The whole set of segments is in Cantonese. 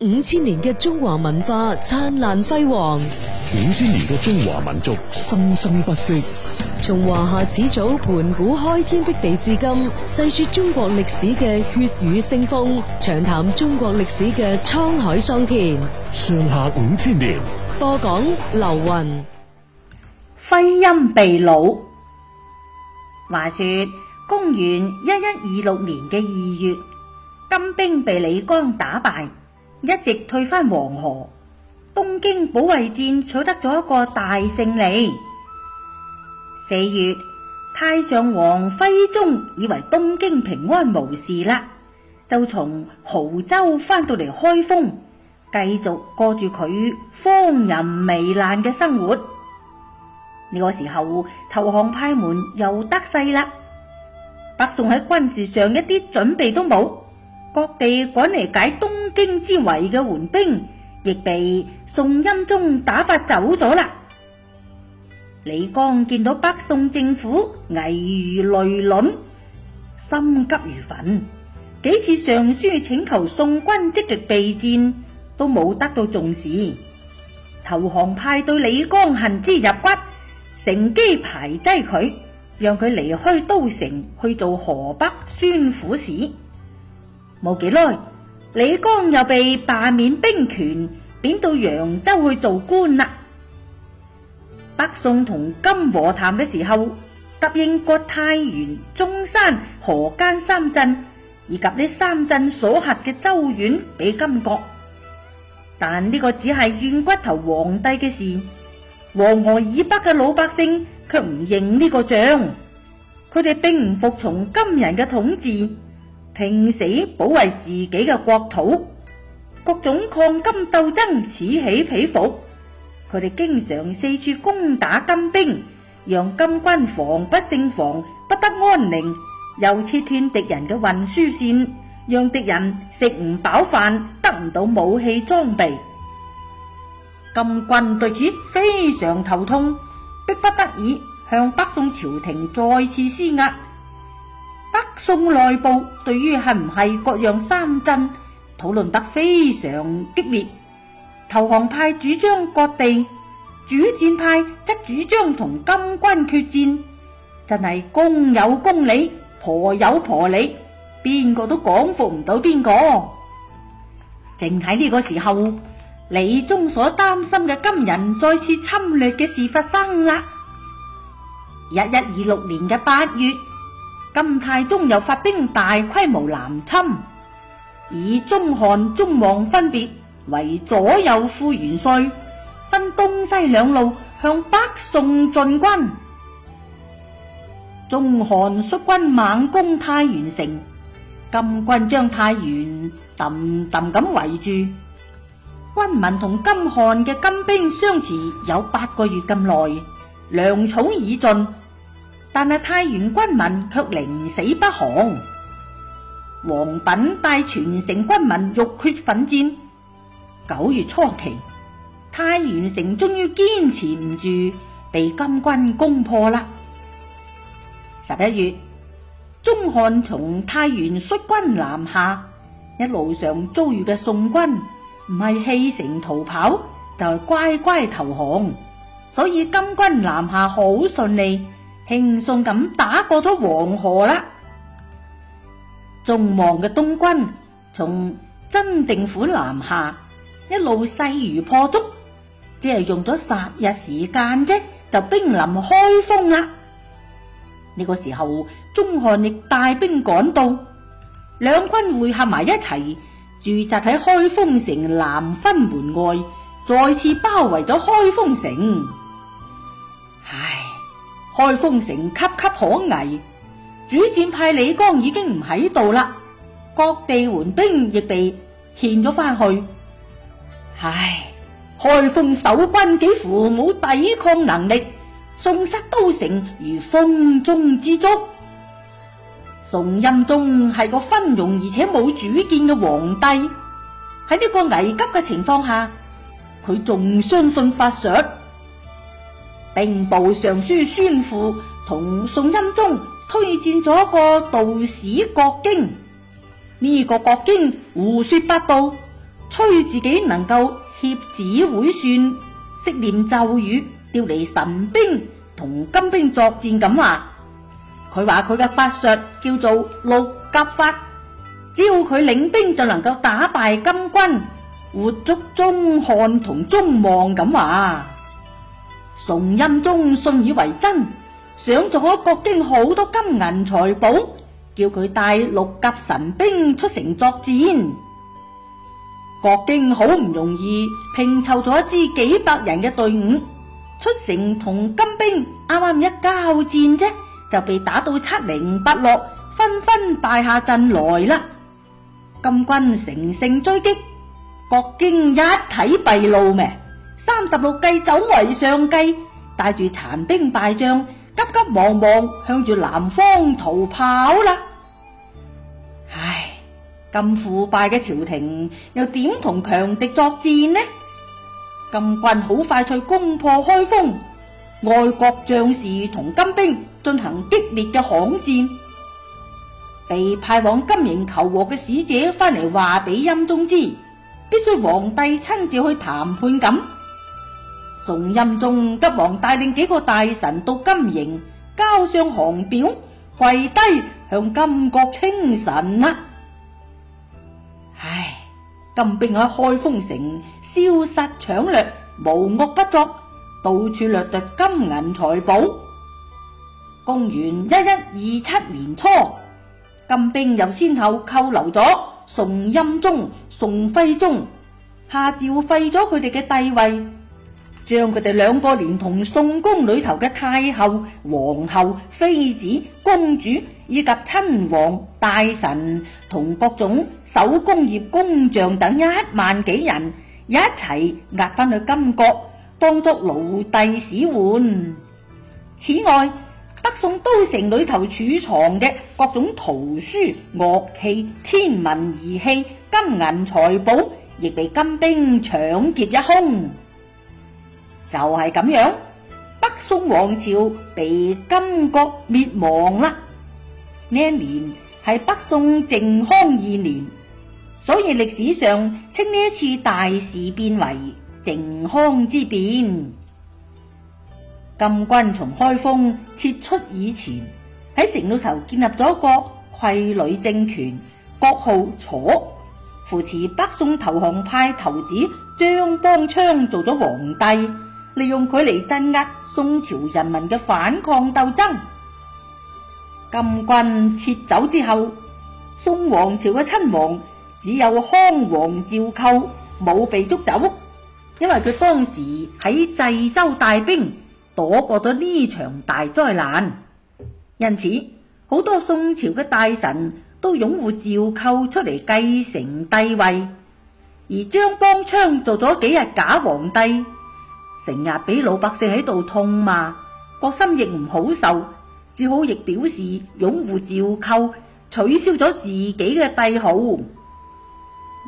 五千年嘅中華文化燦爛輝煌，五千年嘅中華民族生生不息。從華夏始祖盤古開天闢地至今，細說中國歷史嘅血雨腥風，長談中國歷史嘅滄海桑田。上下五千年，播講劉云。徽欽被虜。話說公元一一二六年嘅二月，金兵被李剛打敗。一直退翻黃河，東京保衛戰取得咗一個大勝利。四月，太上皇徽宗以為東京平安無事啦，就從亳州翻到嚟開封，繼續過住佢荒淫糜爛嘅生活。呢個時候，投降派門又得勢啦，北宋喺軍事上一啲準備都冇。各地趕嚟解東京之圍嘅援兵，亦被宋欽宗打發走咗啦。李綱見到北宋政府危如累卵，心急如焚，幾次上書請求宋軍積極備戰，都冇得到重視。投降派對李綱恨之入骨，乘機排擠佢，讓佢離開都城去做河北宣撫使。冇幾耐，李綱又被罷免兵權，貶到揚州去做官啦。北宋同金和談嘅時候，答應割太原、中山、河間三鎮以及呢三鎮所轄嘅州縣俾金國，但呢個只係軟骨頭皇帝嘅事，黃河以北嘅老百姓卻唔認呢個賬，佢哋並唔服從金人嘅統治。拼死保衛自己嘅國土，各種抗金鬥爭此起彼伏。佢哋經常四處攻打金兵，讓金軍防不勝防，不得安寧。又切斷敵人嘅運輸線，讓敵人食唔飽飯，得唔到武器裝備。金軍對此非常頭痛，迫不得已向北宋朝廷再次施壓。宋內部對於係唔係割讓三鎮討論得非常激烈，投降派主張割地，主戰派則主張同金軍決戰，真係公有公理，婆有婆理，邊個都講服唔到邊個。正喺呢個時候，李宗所擔心嘅金人再次侵略嘅事發生啦！一一二六年嘅八月，金太宗又發兵大規模南侵，以中漢中王分別為左右副元帥，分東西兩路向北宋進軍。中漢率軍猛攻太原城，金軍將太原揼揼咁圍住，軍民同金漢嘅金兵相持有八個月咁耐，糧草已盡。但係太原軍民卻寧死不降，王稟帶全城軍民浴血奮戰。九月初期，太原城終於堅持唔住，被金軍攻破啦。十一月，中漢從太原率軍南下，一路上遭遇嘅宋軍唔係棄城逃跑，就係乖乖投降，所以金軍南下好順利。輕鬆咁打過咗黃河啦，宗望嘅東軍從真定府南下，一路勢如破竹，只係用咗十日時間啫，就兵臨開封啦。呢個時候，宗翰亦帶兵趕到，兩軍會合埋一齊，駐紮喺開封城南分門外，再次包圍咗開封城。唉。開封城岌岌可危，主戰派李綱已經唔喺度啦，各地援兵亦被獻咗翻去。唉，開封守軍幾乎冇抵抗能力，宋室都城如風中之燭。宋欽宗係個昏庸而且冇主見嘅皇帝，喺呢個危急嘅情況下，佢仲相信法術。吏部尚書孫傅同宋欽宗推薦咗個道士郭京，呢個郭京胡說八道，吹自己能夠掐指會算，識念咒語，調嚟神兵同金兵作戰咁話。佢話佢嘅法術叫做六甲法，只要佢領兵就能夠打敗金軍，活捉宗翰同宗望咁話。宋欽宗信以為真，賞咗郭京好多金銀財寶，叫佢帶六甲神兵出城作戰。郭京好唔容易拼湊咗一支幾百人嘅隊伍，出城同金兵啱啱一交戰啫，就被打到七零八落，紛紛敗下陣來啦。金軍乘勝追擊，郭京一睇敗露咩？三十六計，走為上計。帶住殘兵敗將，急急忙忙向住南方逃跑啦。唉，咁腐敗嘅朝廷又點同強敵作戰呢？金軍好快脆攻破開封，外國將士同金兵進行激烈嘅巷戰。被派往金營求和嘅使者翻嚟話俾欽宗知，必須皇帝親自去談判咁。宋欽宗急忙帶領幾個大臣到金營，交上降表，跪低向金國稱臣。唉，金兵喺開封城燒殺搶掠，無惡不作，到處掠奪金銀財寶。公元一一二七年初，金兵又先後扣留咗宋欽宗、宋徽宗，下詔廢咗佢哋嘅帝位。將佢哋兩個連同宋宮裏頭嘅太后、皇后、妃子、公主以及親王、大臣同各種手工業工匠等一萬幾人，一齊押翻去金國，當作奴隸使喚。此外，北宋都城裏頭儲藏嘅各種圖書、樂器、天文儀器、金銀財寶，亦被金兵搶劫一空。就係咁樣，北宋王朝被金國滅亡啦。呢一年係北宋靖康二年，所以歷史上稱呢一次大事變為靖康之變。金軍從開封撤出以前，喺城裏頭建立咗一個傀儡政權，國號楚，扶持北宋投降派頭子張邦昌做咗皇帝。利用佢嚟鎮壓宋朝人民嘅反抗鬥爭。金軍撤走之後，宋王朝嘅親王只有康王趙構冇被捉走，因為佢當時喺濟州帶兵，躲過咗呢場大災難。因此，好多宋朝嘅大臣都擁護趙構出嚟繼承帝位，而張邦昌做咗幾日假皇帝。成日俾老百姓喺度痛罵，個心亦唔好受，只好亦表示擁護趙構，取消咗自己嘅帝號。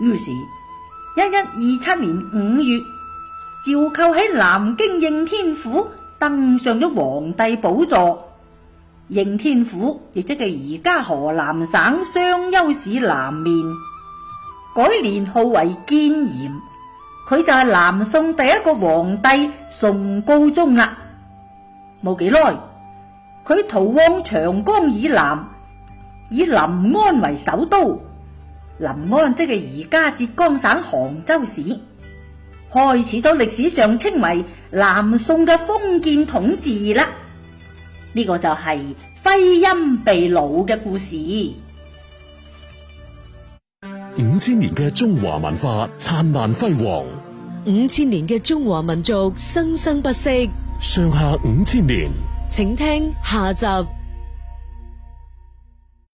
於是一一二七年五月，趙構喺南京應天府登上咗皇帝寶座。應天府亦即係而家河南省商丘市南面，改年號為建炎。佢就係南宋第一個皇帝宋高宗啦，冇幾耐，佢逃往長江以南，以臨安為首都，臨安即係而家浙江省杭州市，開始咗歷史上稱為南宋嘅封建統治啦。呢、這個就係徽欽被擄嘅故事。五千年嘅中華文化燦爛輝煌，五千年嘅中華民族生生不息，上下五千年，請聽下集。